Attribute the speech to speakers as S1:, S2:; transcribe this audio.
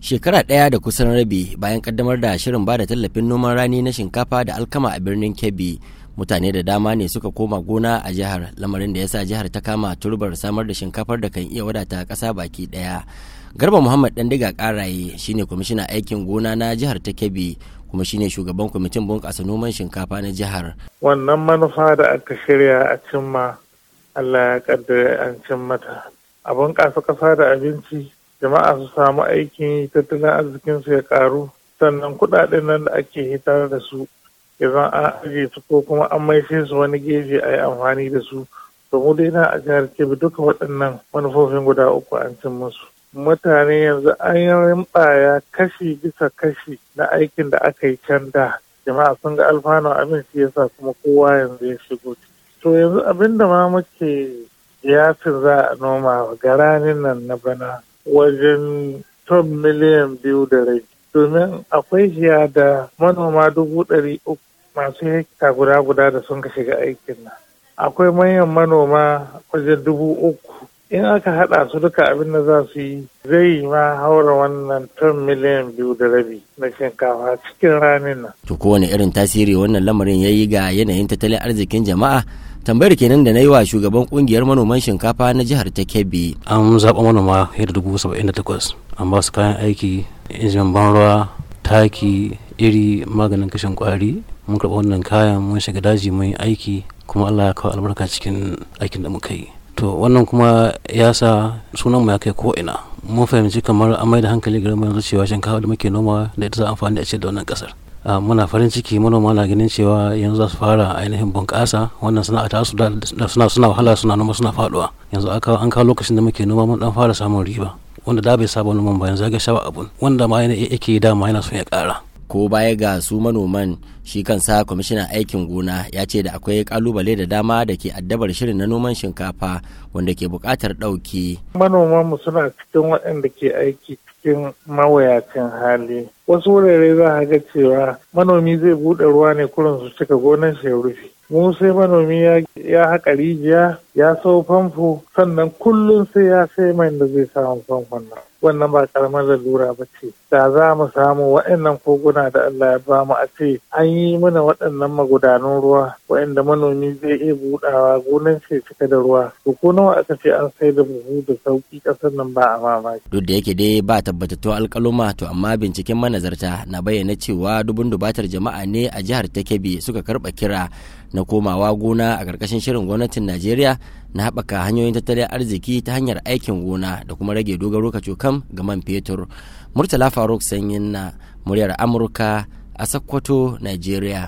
S1: Shekara ɗaya da kusan rabi bayan kaddamar da shirin da tallafin noman rani na shinkafa da alkama a birnin Kebbi, mutane da dama ne suka koma gona a jihar lamarin da ya sa jihar ta kama turbar samar da shinkafar da kan iya wadata ƙasa baki ɗaya. Garba Muhammad Dandiga Karaye ne kwamishina aikin gona na jihar ta Kebbi kuma shi ne shugaban kwamitin bunƙasa noman shinkafa na jihar.
S2: Wannan manufa da aka shirya a cimma Allah ya kaddara an cin mata. A bunƙasa ƙasa da abinci jama'a su samu aikin tattalin arzikinsu ya karu sannan kuɗaɗen nan da ake hitar da su idan an aje su ko kuma an maishe su wani geji a yi amfani da su to mu dai na a jihar kebbi duka waɗannan manufofin guda uku an cin musu mutane yanzu an yi rimbaya kashi bisa kashi na aikin da aka yi can da jama'a sun ga alfano abin shi yasa kuma kowa yanzu ya shigo to yanzu abin da ma muke yasin za a noma ga nan na bana wajen ton miliyan biyu da rai domin akwai shiya da manoma dubu ɗari uku masu hekta guda guda da sun ka shiga aikin nan akwai manyan manoma wajen dubu uku in aka haɗa su duka abin da za su yi zai ma haura wannan ton miliyan biyu da rabi na shinkafa cikin ranin nan.
S1: To kowane irin tasiri wannan lamarin ya yi ga yanayin tattalin arzikin jama'a tambayar kenan da na yi wa shugaban kungiyar manoman
S3: shinkafa na jihar ta kebbi an zaɓa manoma yadda dubu saba'in da takwas an ba su kayan aiki injin ban ruwa taki iri maganin kashin kwari mun karɓi wannan kayan mun shiga daji mun aiki kuma allah ya kawo albarka cikin aikin da muka yi to wannan kuma ya sa sunan mu ya kai ko'ina mun fahimci kamar an mai da hankali garin mai cewa shinkafa da muke noma da ita za amfani da ce da wannan kasar Ah, muna farin ciki manoma na ganin cewa yanzu za su fara ainihin bunƙasa wannan sana'a ta su suna suna wahala suna noma suna faduwa yanzu aka an kawo lokacin da muke noma mun dan fara samun riba wanda da bai saba noman ba bayan ga shawa abun wanda ma yana yake da ma yana son ya ƙara ko baya ga su manoman shi kansa kwamishinan
S1: aikin gona ya ce da akwai kalubale da dama da ke addabar shirin na noman shinkafa wanda ke buƙatar ɗauki.
S2: manoman mu suna cikin waɗanda ke aiki cikin mawuyacin hali wasu wurare za a ga cewa manomi zai buɗe ruwa ne kurin su cika gonar shi rufe mu sai manomi ya haƙa rijiya ya sau famfo sannan kullum sai ya sai mai da zai samu famfon nan wannan ba karamar lalura ba ce da za mu samu waɗannan koguna da Allah ya bamu a ce an yi mana waɗannan magudanun ruwa waɗanda manomi zai iya buɗawa gonan ce cika da ruwa to ko nawa aka ce an sai da buhu da sauki ƙasar nan ba a mamaki
S1: duk da yake dai ba tabbatattun alkaluma to amma binciken manazarta na bayyana cewa dubun dubatar jama'a ne a jihar takebi suka karba kira na komawa gona a ƙarƙashin shirin gwamnatin najeriya na haɓaka hanyoyin tattalin arziki ta hanyar aikin gona da kuma rage dogaro ka kam ga man fetur murtala faruk sanyin na muryar amurka a sokoto najeriya